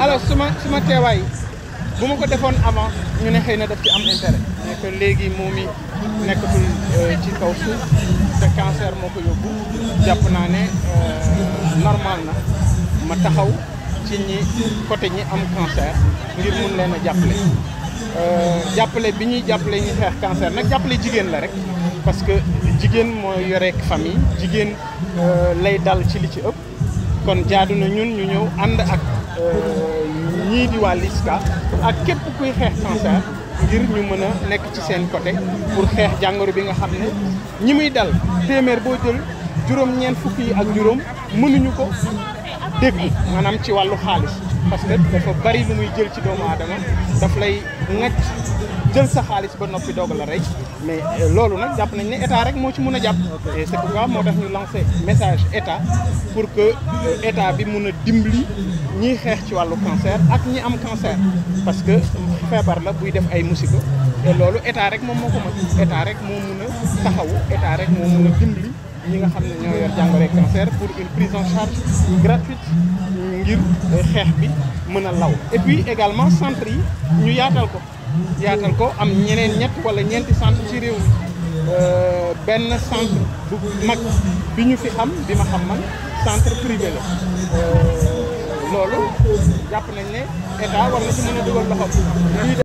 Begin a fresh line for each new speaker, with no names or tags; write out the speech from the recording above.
alors suma suma teewaay bu ma ko defoon avant ñu ne xëy na def ci am intérêt mais que léegi moom nekk nekkatul euh, ci kaw suuf te cancer moo ko yóbbu jàpp naa ne euh, normal na ma taxaw ci ñi côté ñi am cancer ngir mun leen a jàppale euh, jàppale bi ñuy jàppale ñi xeex cancer nag jàppale jigéen la rek parce que jigéen mooy yoreek famille jigéen lay dal ci li ci ëpp kon jaadu na ñun ñu ñëw ànd ak ñii di waa LISCA ak képp kuy xeex cancer ngir ñu mën a nekk ci seen côté pour xeex jàngoro bi nga xam ne ñi muy dal téeméer boo jël juróom-ñeent fukk yi ak juróom mënuñu ko déggu maanaam ci wàllu xaalis parce que dafa bari lu muy jël ci doomu aadama daf lay ngacc jël sa xaalis ba noppi doog la rey mais euh, loolu nag jàpp nañ ne état rek moo ci mën a c'est pourquoi moo tax ñu lancé message état pour que euh, état bi mën a dimbali ñiy xeex ci wàllu cancer ak ñi am cancer parce que feebar la buy def ay musiba te loolu état rek moom moo ko mën état rek moo mën a état rek moo mën dimbali ñi nga xam ne ñoo yor cancer pour une prise en charge gratuite ngir xeex bi mën law et puis également centre yi ñu yaatal ko yaatal ko am ñeneen ñet wala ñenti centre ci réew mi euh, benn centre bu mag bi ñu fi xam bima xam man centre privé la euh, lolu japp nañ ne état war na ci mëna a dugal loxo